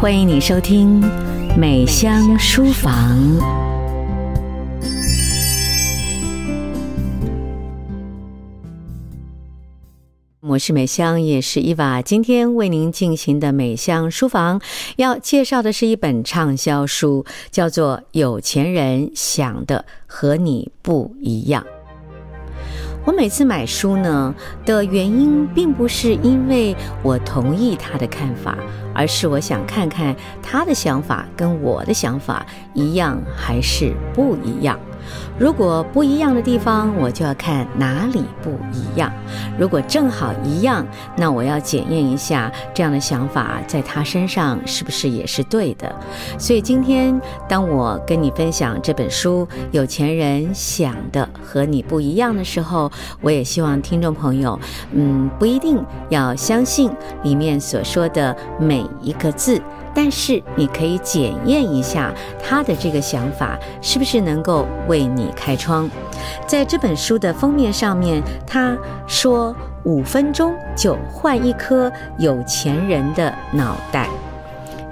歡迎你收聽《美香書房》。我是美香，也是伊娃。今天為您進行的《美香書房》要介紹的是一本暢銷書，叫做《有錢人想的和你不一樣》。我每次買書呢的原因，並不是因為我同意他的看法，而是我想看看他的想法跟我的想法一樣還是不一樣。如果不一樣的地方，我就要看哪裡不一樣；如果正好一樣，那我要檢驗一下這樣的想法在他身上是不是也是對的。所以今天當我跟你分享這本書《有錢人想的和你不一樣的》時候，我也希望聽眾朋友，嗯，不一定要相信裡面所說的每一個字。但是你可以檢驗一下他的這個想法是不是能夠為你開窗。在這本書的封面上面，他說：“五分鐘就換一顆有錢人的腦袋。”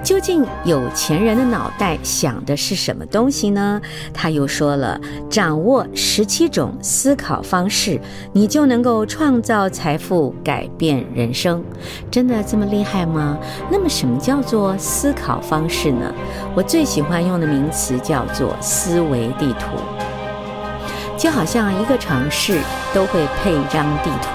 究竟有錢人的腦袋想的是什麼東西呢？他又說了，掌握十七種思考方式，你就能夠創造財富，改變人生。真的這麼厲害嗎？那麼什麼叫做思考方式呢？我最喜歡用的名詞叫做思維地圖，就好像一個城市都會配一張地圖。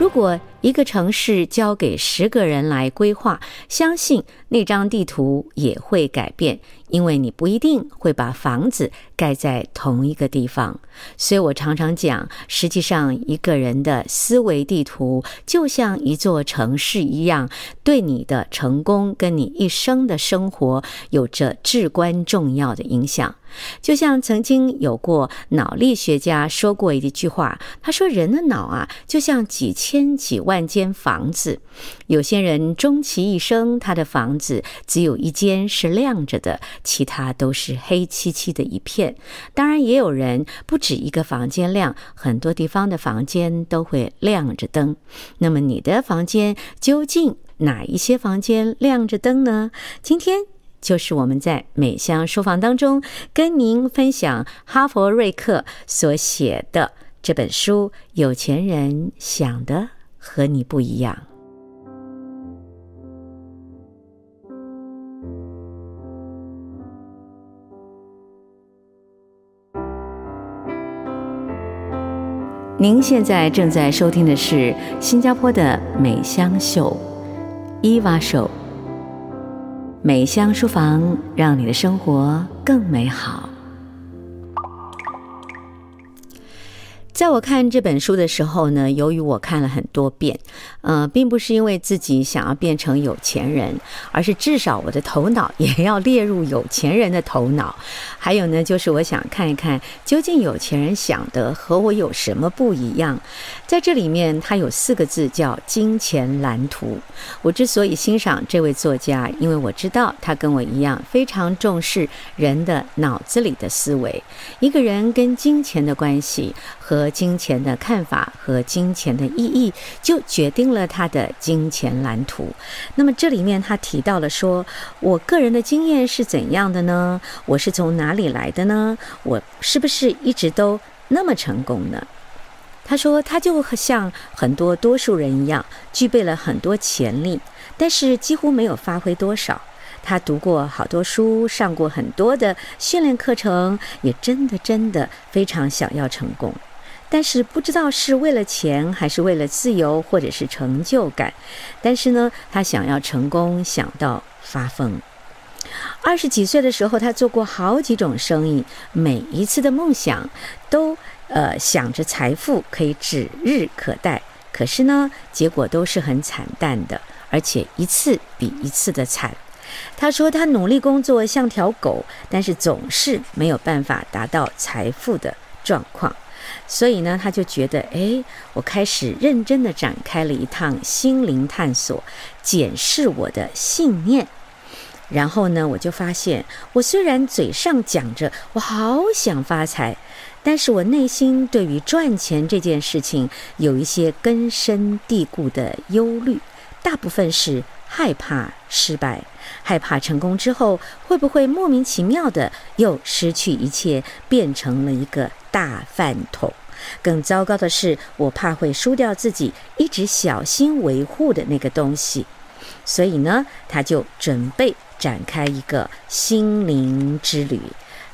如果一個城市交給十個人來規劃，相信那張地圖也會改變，因為你不一定會把房子蓋在同一個地方。所以我常常講，實際上一個人的思維地圖就像一座城市一樣，對你的成功跟你一生的生活有着至關重要的影響。就像曾經有過腦力學家說過一句話，他說：“人的腦啊，就像幾千幾萬間房子，有些人終其一生，他的房子只有一間是亮着的，其他都是黑漆漆的一片。當然，也有人不止一個房間亮，很多地方的房間都會亮着燈。那麼，你的房間究竟哪一些房間亮着燈呢？今天”就是我們在美香書房當中跟您分享哈佛瑞克所寫的這本書《有錢人想的和你不一樣》。您現在正在收聽的是新加坡的美香秀、伊娃秀。美香書房，讓你的生活更美好。在我看這本書的時候呢，由於我看了很多遍，呃，並不是因為自己想要變成有錢人，而是至少我的頭腦也要列入有錢人的頭腦。還有呢，就是我想看一看究竟有錢人想的和我有什麼不一樣。在這裡面，它有四個字叫“金錢藍圖”。我之所以欣賞這位作家，因為我知道他跟我一樣非常重視人的腦子裡的思維。一個人跟金錢的關係和和金錢的看法和金錢的意義，就決定了他的金錢藍圖。那麼，這裡面他提到了說，我個人的經驗是怎樣的呢？我是從哪裡來的呢？我是不是一直都那麼成功呢？他說，他就像很多多數人一樣，具備了很多潛力，但是幾乎沒有發揮多少。他讀過好多書，上過很多的訓練課程，也真的真的非常想要成功。但是不知道是為了錢，還是為了自由，或者是成就感。但是呢，他想要成功，想到發瘋。二十幾歲的時候，他做過好幾種生意，每一次的夢想都呃想着財富可以指日可待。可是呢，結果都是很慘淡的，而且一次比一次的慘。他說他努力工作像條狗，但是總是沒有辦法達到財富的狀況。所以呢，他就覺得，哎，我開始認真地展開了一趟心靈探索，檢視我的信念。然後呢，我就發現，我雖然嘴上講着我好想發財，但是我內心對於賺錢這件事情有一些根深蒂固的憂慮，大部分是。害怕失敗，害怕成功之後會不會莫名其妙的又失去一切，變成了一個大飯桶？更糟糕的是，我怕會輸掉自己一直小心維護的那個東西。所以呢，他就準備展開一個心靈之旅。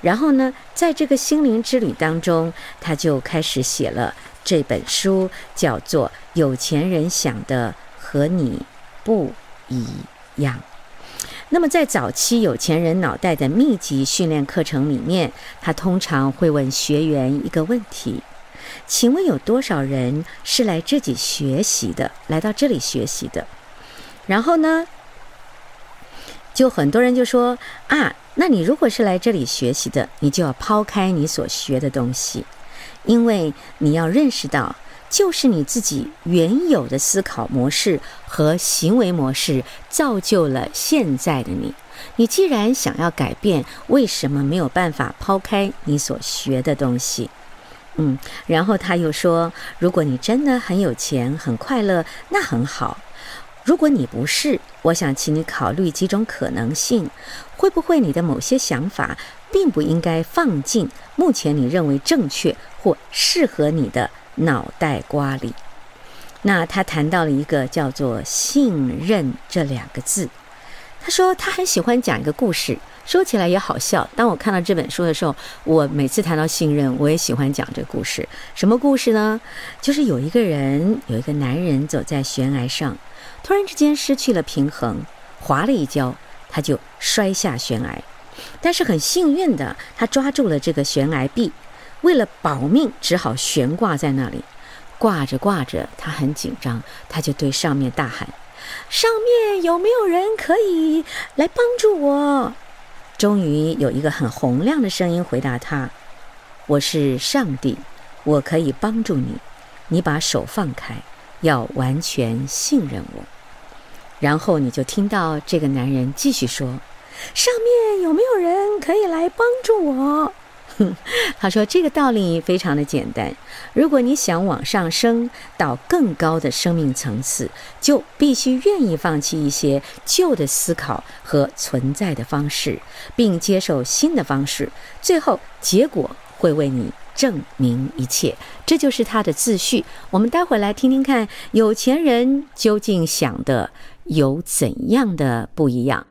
然後呢，在這個心靈之旅當中，他就開始寫了這本書，叫做《有錢人想的和你不》。一樣。那麼，在早期有錢人腦袋的密集訓練課程裡面，他通常會問學員一個問題：“請問有多少人是來這裡學習的，來到這裡學習的？”然後呢，就很多人就說：“啊，那你如果是來這裡學習的，你就要拋開你所學的東西，因為你要認識到。”就是你自己原有的思考模式和行為模式造就了現在的你。你既然想要改變，為什麼沒有辦法拋開你所學的東西？嗯，然後他又說：“如果你真的很有錢、很快樂，那很好；如果你不是，我想請你考慮幾種可能性，會不會你的某些想法並不應該放進目前你認為正確或適合你的？”腦袋瓜裡，那他談到了一個叫做“信任”這兩個字。他說他很喜歡講一個故事，說起來也好笑。當我看到這本書的時候，我每次談到信任，我也喜歡講這個故事。什麼故事呢？就是有一個人，有一個男人走在懸崖上，突然之間失去了平衡，滑了一跤，他就摔下懸崖。但是很幸運的，他抓住了這個懸崖壁。為了保命，只好懸掛在那裡，掛着掛着，他很緊張，他就對上面大喊：“上面有沒有人可以來幫助我？”終於有一個很洪亮的聲音回答他：“我是上帝，我可以幫助你，你把手放開，要完全信任我。”然後你就聽到這個男人繼續說：“上面有沒有人可以來幫助我？” 他說：“這個道理非常的簡單，如果你想往上升到更高的生命層次，就必須願意放棄一些舊的思考和存在的方式，並接受新的方式。最後，結果會為你證明一切。這就是他的自序。我們待會來聽聽看，有錢人究竟想的有怎樣的不一樣。”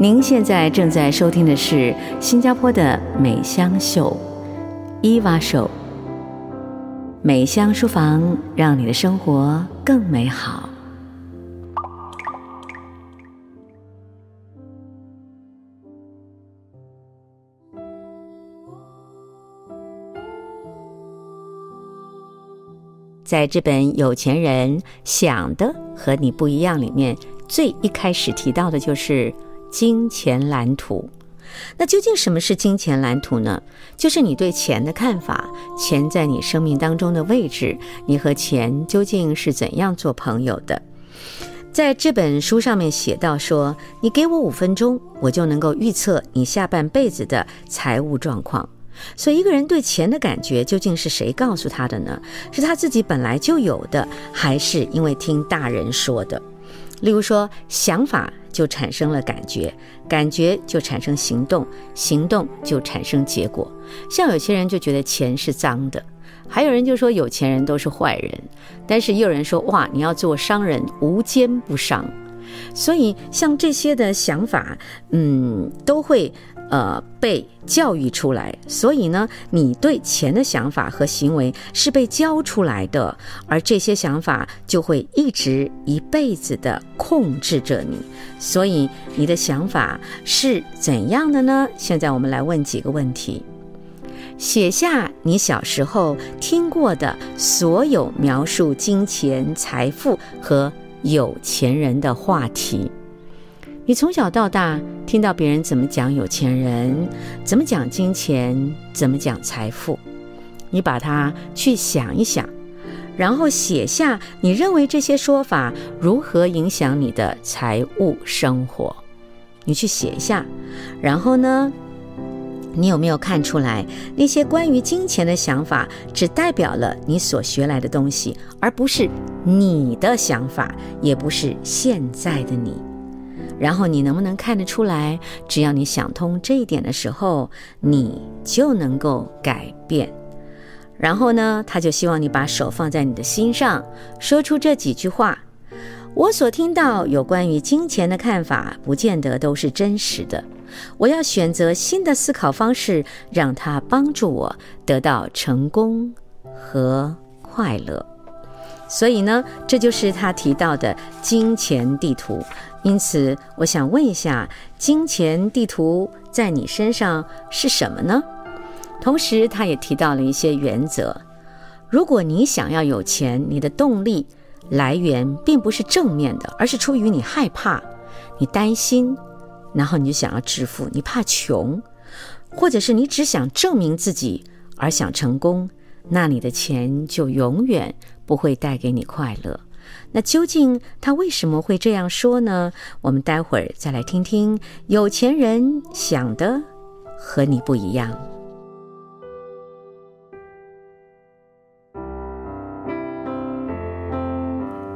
您現在正在收聽的是新加坡的美香秀，伊娃秀。美香書房，讓你的生活更美好。在這本《有錢人想的和你不一樣》裡面，最一開始提到的就是。金錢藍圖，那究竟什麼是金錢藍圖呢？就是你對錢的看法，錢在你生命當中的位置，你和錢究竟是怎樣做朋友的？在這本書上面寫到說，你給我五分鐘，我就能夠預測你下半輩子的財務狀況。所以，一個人對錢的感覺究竟是誰告訴他的呢？是他自己本來就有的，還是因為聽大人說的？例如說，想法就產生了感覺，感覺就產生行動，行動就產生結果。像有些人就覺得錢是髒的，還有人就說有錢人都是壞人，但是也有人說，哇，你要做商人，無奸不商。所以像這些的想法，嗯，都會。呃，被教育出來，所以呢，你對錢的想法和行為是被教出來的，而這些想法就會一直一輩子的控制着你。所以，你的想法是怎樣的呢？現在我們來問幾個問題，寫下你小時候聽過的所有描述金錢、財富和有錢人的話題。你從小到大聽到別人怎麼講有錢人，怎麼講金錢，怎麼講財富，你把它去想一想，然後寫下你認為這些說法如何影響你的財務生活，你去寫一下。然後呢，你有沒有看出來那些關於金錢的想法只代表了你所學來的東西，而不是你的想法，也不是現在的你？然後你能不能看得出來？只要你想通這一點的時候，你就能夠改變。然後呢，他就希望你把手放在你的心上，說出這幾句話。我所聽到有關於金錢的看法，不見得都是真實的。我要選擇新的思考方式，讓它幫助我得到成功和快樂。所以呢，這就是他提到的金錢地圖。因此，我想問一下，金錢地圖在你身上是什麼呢？同時，他也提到了一些原則：如果你想要有錢，你的動力來源並不是正面的，而是出於你害怕、你擔心，然後你就想要致富，你怕窮，或者是你只想證明自己而想成功，那你的錢就永遠不會帶給你快樂。那究竟他為什麼會這樣說呢？我們待會兒再來聽聽有錢人想的和你不一樣。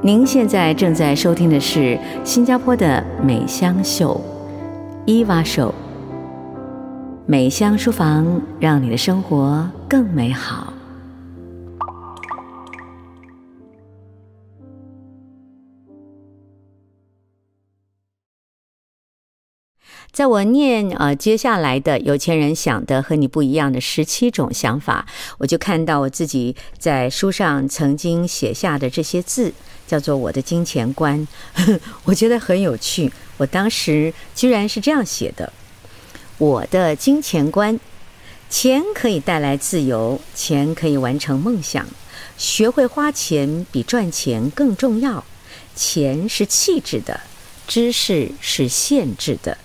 您現在正在收聽的是新加坡的美香秀，伊娃秀，美香書房，讓你的生活更美好。在我念，呃，接下來的有錢人想的和你不一樣的十七種想法，我就看到我自己在書上曾經寫下的這些字，叫做我的金錢觀， 我覺得很有趣。我當時居然是這樣寫的：我的金錢觀，錢可以帶來自由，錢可以完成夢想，學會花錢比賺錢更重要，錢是氣質的，知識是限制的。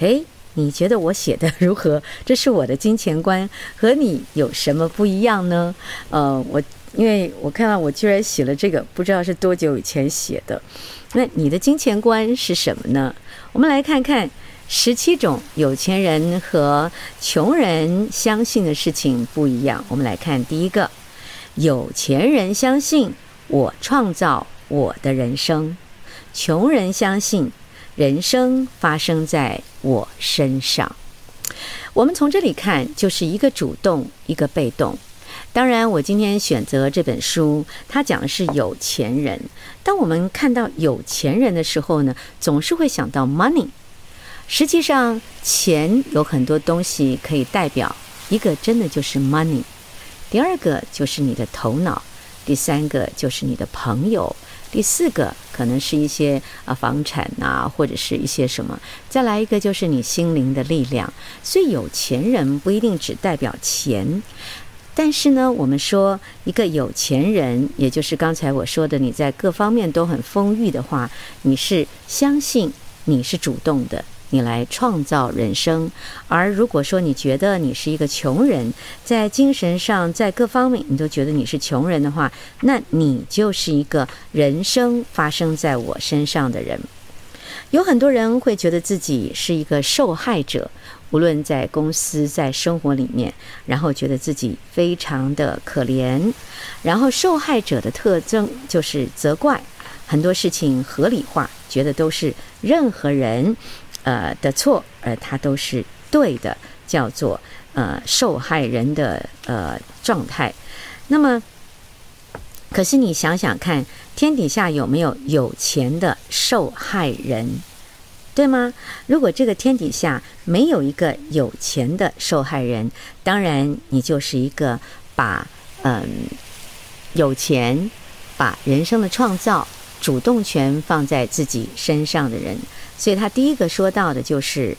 誒、哎，你覺得我寫的如何？這是我的金錢觀，和你有什麼不一樣呢？呃，我因為我看到我居然寫了這個，不知道是多久以前寫的。那你的金錢觀是什麼呢？我們來看看十七種有錢人和窮人相信的事情不一樣。我們來看第一個，有錢人相信我創造我的人生，窮人相信。人生發生在我身上，我們從這裡看，就是一個主動，一個被動。當然，我今天選擇這本書，它講的是有錢人。當我們看到有錢人的時候呢，總是會想到 money。實際上，錢有很多東西可以代表，一個真的就是 money，第二個就是你的頭腦，第三個就是你的朋友。第四個可能是一些啊房產吶、啊，或者是一些什麼。再來一個就是你心靈的力量。所以有錢人不一定只代表錢，但是呢，我們說一個有錢人，也就是剛才我說的你在各方面都很豐裕的話，你是相信你是主動的。你來創造人生，而如果說你覺得你是一個窮人，在精神上、在各方面你都覺得你是窮人的話，那你就是一個人生發生在我身上的人。有很多人會覺得自己是一個受害者，無論在公司、在生活裡面，然後覺得自己非常的可憐。然後受害者的特徵就是責怪，很多事情合理化，覺得都是任何人，呃的錯，而他都是對的，叫做呃受害人的呃狀態。那麼，可是你想想看，天底下有沒有有錢的受害人？對嗎？如果這個天底下沒有一個有錢的受害人，當然你就是一個把嗯、呃、有錢把人生的創造。主動權放在自己身上的人，所以他第一個說到的就是，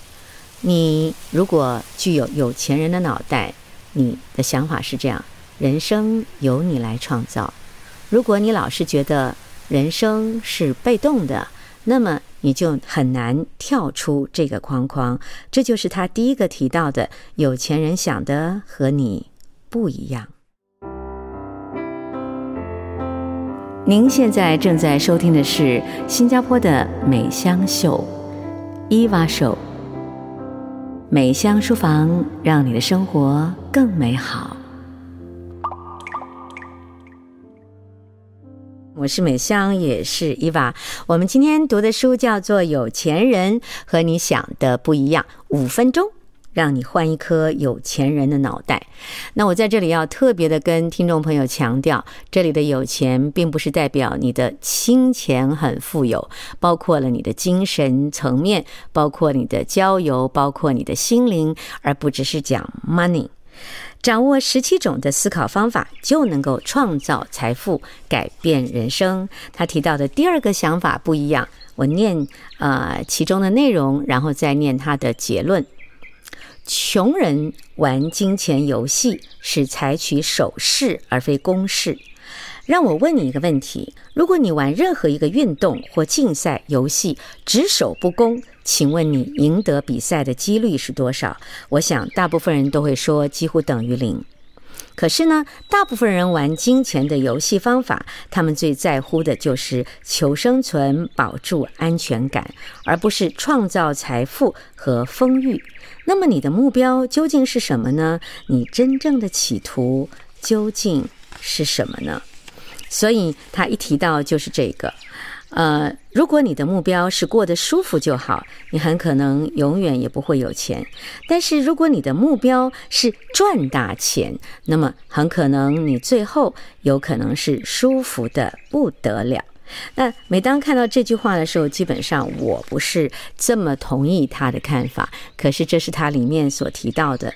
你如果具有有錢人的腦袋，你的想法是這樣，人生由你來創造。如果你老是覺得人生是被動的，那麼你就很難跳出這個框框。這就是他第一個提到的，有錢人想的和你不一樣。您現在正在收聽的是新加坡的美香秀，伊娃秀。美香書房，讓你的生活更美好。我是美香，也是伊娃。我們今天讀的書叫做《有錢人和你想的不一樣》，五分鐘。讓你換一顆有錢人的腦袋。那我在這裡要特別的跟聽眾朋友強調，這裡的有錢並不是代表你的金錢很富有，包括了你的精神層面，包括你的交友，包括你的心靈，而不只是講 money。掌握十七種的思考方法，就能夠創造財富，改變人生。他提到的第二個想法不一樣，我念呃其中的內容，然後再念他的結論。窮人玩金錢遊戲是採取守勢而非攻勢。讓我問你一個問題：如果你玩任何一個運動或競賽遊戲，只守不攻，請問你贏得比賽的幾率是多少？我想大部分人都會說幾乎等於零。可是呢，大部分人玩金錢的遊戲方法，他們最在乎的就是求生存、保住安全感，而不是創造財富和豐裕。那麼你的目標究竟是什麼呢？你真正的企圖究竟是什麼呢？所以他一提到就是這個。呃，如果你的目標是過得舒服就好，你很可能永遠也不會有錢。但是，如果你的目標是賺大錢，那麼很可能你最後有可能是舒服得不得了。那每當看到這句話的時候，基本上我不是這麼同意他的看法。可是，這是他裡面所提到的。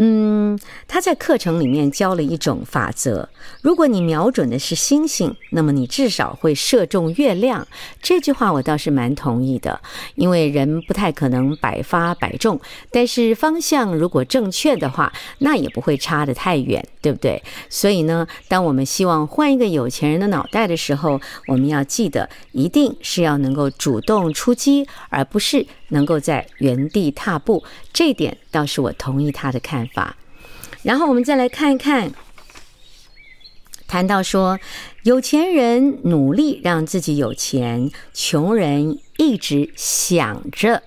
嗯，他在課程裡面教了一種法則，如果你瞄準的是星星，那麼你至少會射中月亮。這句話我倒是蠻同意的，因為人不太可能百發百中，但是方向如果正確的話，那也不會差得太遠，對不對？所以呢，當我們希望換一個有錢人的腦袋的時候，我們要記得，一定是要能夠主動出擊，而不是能夠在原地踏步。這點倒是我同意他的看法。法，然後我們再來看一看，談到說，有錢人努力讓自己有錢，窮人一直想着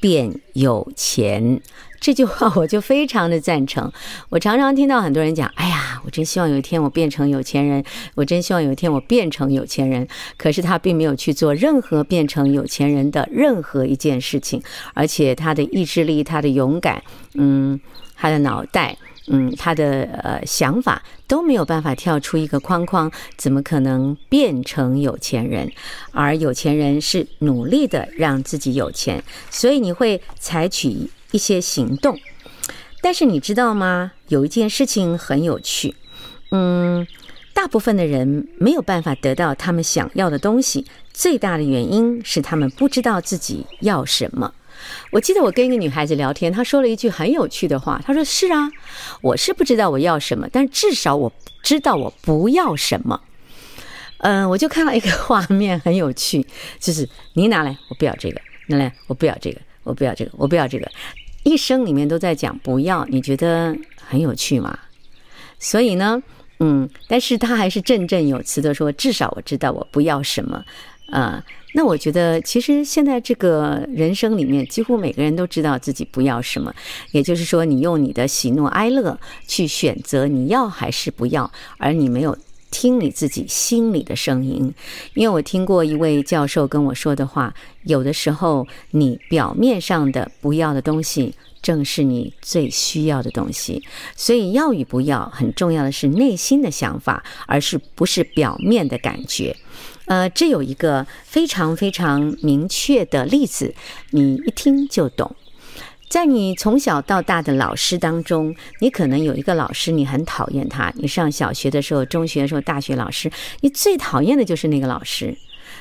變有錢。這句話我就非常的贊成。我常常聽到很多人講：“哎呀，我真希望有一天我變成有錢人，我真希望有一天我變成有錢人。”可是他並沒有去做任何變成有錢人的任何一件事情，而且他的意志力、他的勇敢，嗯，他的腦袋。嗯，他的呃想法都沒有辦法跳出一個框框，怎麼可能變成有錢人？而有錢人是努力地讓自己有錢，所以你會採取一些行動。但是你知道嗎？有一件事情很有趣，嗯，大部分的人沒有辦法得到他們想要的東西，最大的原因是他們不知道自己要什麼。我記得我跟一個女孩子聊天，她說了一句很有趣的話，她說：“是啊，我是不知道我要什麼，但至少我知道我不要什麼。”嗯，我就看到一個畫面很有趣，就是你拿來我不要這個，拿來我不要這個，我不要這個，我不要這個，一生裡面都在講不要，你覺得很有趣嗎？所以呢，嗯，但是她還是振振有詞的說：“至少我知道我不要什麼。”呃，uh, 那我覺得，其實現在這個人生裡面，幾乎每個人都知道自己不要什麼，也就是說，你用你的喜怒哀樂去選擇你要還是不要，而你沒有聽你自己心裡的聲音。因為我聽過一位教授跟我說的話，有的時候你表面上的不要的東西，正是你最需要的東西。所以，要與不要很重要的是內心的想法，而不是表面的感覺。呃，這有一個非常非常明確的例子，你一聽就懂。在你從小到大的老師當中，你可能有一個老師你很討厭他。你上小學的時候、中學的時候、大學老師，你最討厭的就是那個老師。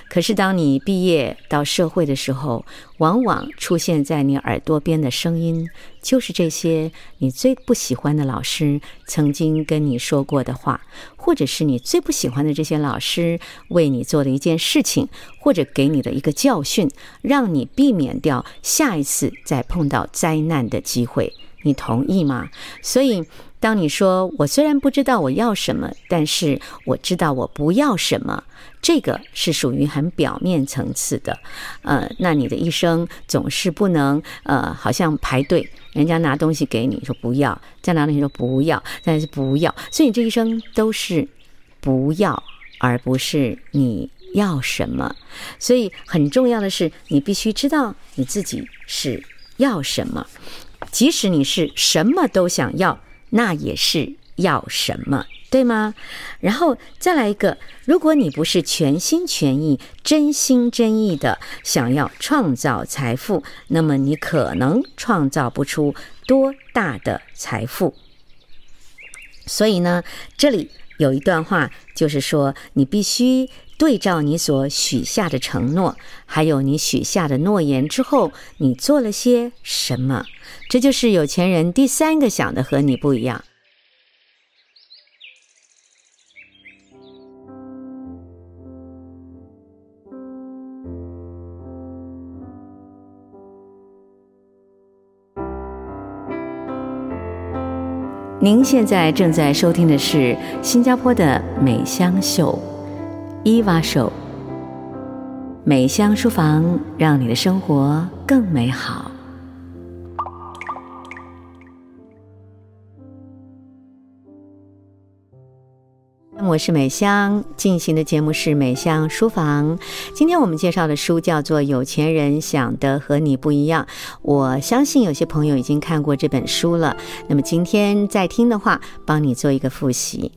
可是，當你畢業到社會的時候，往往出現在你耳朵邊的聲音，就是這些你最不喜歡的老師曾經跟你說過的話，或者是你最不喜歡的這些老師為你做的一件事情，或者給你的一個教訓，讓你避免掉下一次再碰到災難的機會。你同意嗎？所以，當你說“我雖然不知道我要什麼，但是我知道我不要什麼”，這個是屬於很表面層次的，呃，那你的一生總是不能呃，好像排隊，人家拿東西給你說不要，再拿東西說不要，但是不要，所以你這一生都是不要，而不是你要什麼。所以很重要的是，你必須知道你自己是要什麼，即使你是什麼都想要。那也是要什麼，對嗎？然後再來一個，如果你不是全心全意、真心真意的想要創造財富，那麼你可能創造不出多大的財富。所以呢，這裡有一段話，就是說，你必須對照你所許下的承諾，還有你許下的諾言之後，你做了些什麼。這就是有錢人第三個想的和你不一樣。您現在正在收聽的是新加坡的美香秀，伊娃秀，美香書房，讓你的生活更美好。我是美香，進行的節目是美香書房。今天我們介紹的書叫做《有錢人想的和你不一樣》。我相信有些朋友已經看過這本書了。那麼今天再聽的話，幫你做一個複習。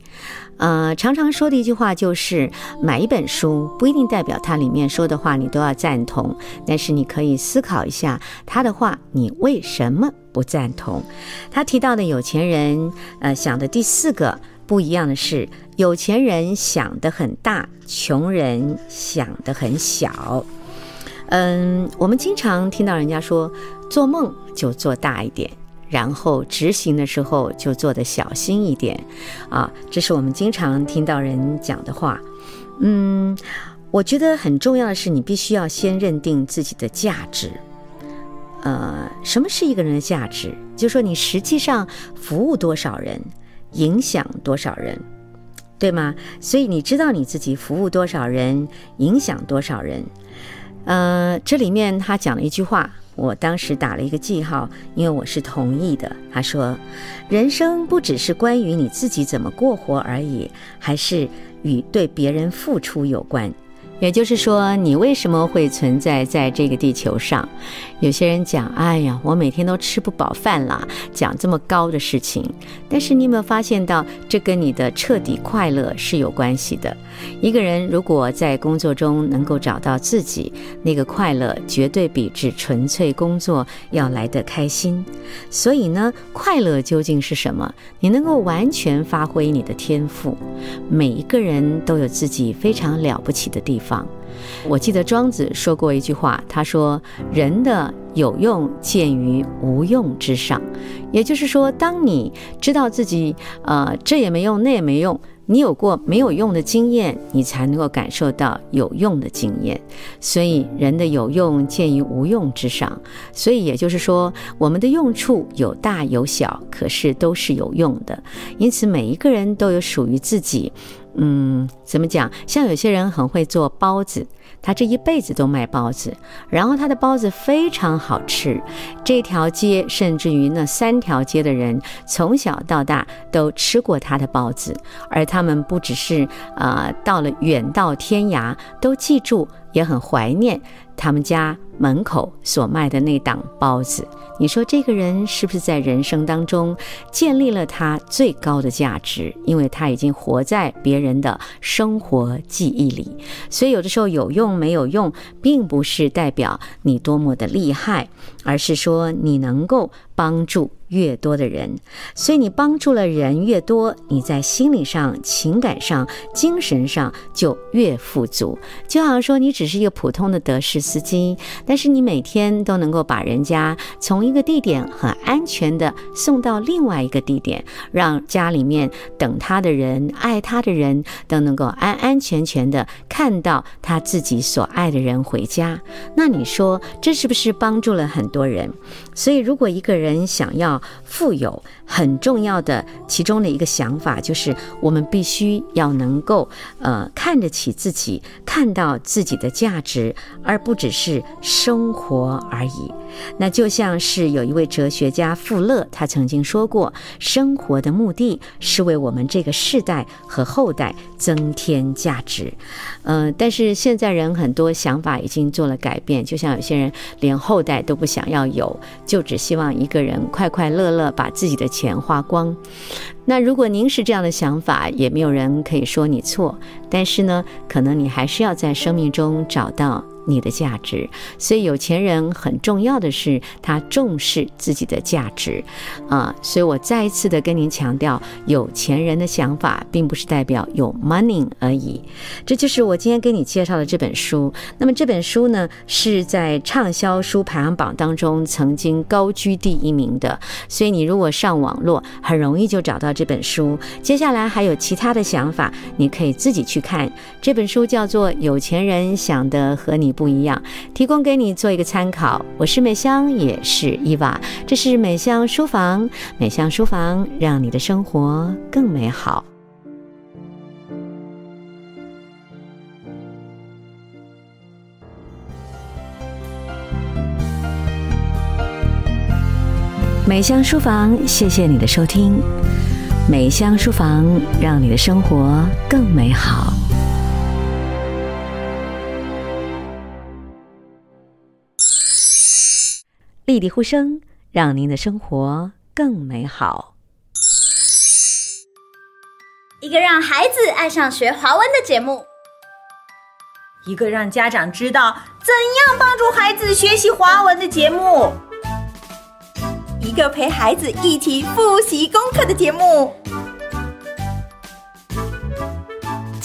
呃，常常說的一句話就是，買一本書不一定代表它裡面說的話你都要贊同，但是你可以思考一下他的話，你為什麼不贊同？他提到的有錢人，呃，想的第四個。不一樣的是，有錢人想得很大，窮人想得很小。嗯，我們經常聽到人家說，做夢就做大一點，然後執行的時候就做得小心一點。啊，這是我們經常聽到人講的話。嗯，我覺得很重要的是，你必須要先認定自己的價值。呃，什麼是一個人的價值？就是說你實際上服務多少人。影響多少人，對嗎？所以你知道你自己服務多少人，影響多少人。呃，這裡面他講了一句話，我當時打了一個記號，因為我是同意的。他說，人生不只是關於你自己怎麼過活而已，還是與對別人付出有關。也就是說，你為什麼會存在在這個地球上？有些人講：“哎呀，我每天都吃不飽飯啦。講這麼高的事情。”但是你有沒有發現到，這跟你的徹底快樂是有關係的？一個人如果在工作中能夠找到自己那個快樂，絕對比只純粹工作要來得開心。所以呢，快樂究竟是什麼？你能夠完全發揮你的天賦。每一個人都有自己非常了不起的地方。我記得莊子說過一句話，他說：“人的有用建於無用之上。”也就是說，當你知道自己呃這也沒用，那也沒用，你有過沒有用的經驗，你才能夠感受到有用的經驗。所以，人的有用建於無用之上。所以，也就是說，我們的用處有大有小，可是都是有用的。因此，每一個人都有屬於自己。嗯，怎麼講？像有些人很會做包子，他這一輩子都賣包子，然後他的包子非常好吃。這條街，甚至於那三條街的人，從小到大都吃過他的包子，而他們不只是啊、呃，到了遠到天涯都記住。也很懷念他們家門口所賣的那檔包子。你說這個人是不是在人生當中建立了他最高的價值？因為他已經活在別人的生活記憶裡。所以有的時候有用沒有用，並不是代表你多麼的厲害，而是說你能夠幫助。越多的人，所以你幫助了人越多，你在心理上、情感上、精神上就越富足。就好像說，你只是一個普通的的士司機，但是你每天都能夠把人家從一個地點很安全的送到另外一個地點，讓家裡面等他的人、愛他的人都能夠安安全全的看到他自己所愛的人回家。那你說，這是不是幫助了很多人？所以，如果一個人想要富有，很重要的其中的一個想法就是，我們必須要能夠呃看得起自己，看到自己的價值，而不只是生活而已。那就像是有一位哲學家富勒，他曾經說過，生活的目的是為我們這個世代和後代。增添價值，嗯、呃，但是現在人很多想法已經做了改變，就像有些人連後代都不想要有，就只希望一個人快快樂樂把自己的錢花光。那如果您是這樣的想法，也沒有人可以說你錯，但是呢，可能你還是要在生命中找到。你的價值，所以有錢人很重要的是他重視自己的價值，啊，uh，所以我再一次的跟您強調，有錢人的想法並不是代表有 money 而已。這就是我今天給你介紹的這本書。那麼這本書呢是在暢銷書排行榜當中曾經高居第一名的，所以你如果上網絡很容易就找到這本書。接下來還有其他的想法，你可以自己去看。這本書叫做《有錢人想的和你》。不一樣，提供給你做一個參考。我是美香，也是伊娃。這是美香書房，美香書房讓你的生活更美好。美香書房，謝謝你的收聽。美香書房，讓你的生活更美好。美香書房，讓您的生活更美好。一個讓孩子愛上學華文的節目，一個讓家長知道怎樣幫助孩子學習華文的節目，一個陪孩子一起複習功課的節目。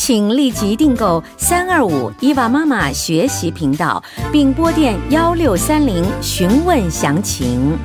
請立即訂購“三二五伊娃媽媽”學習頻道，並撥電幺六三零詢問詳情。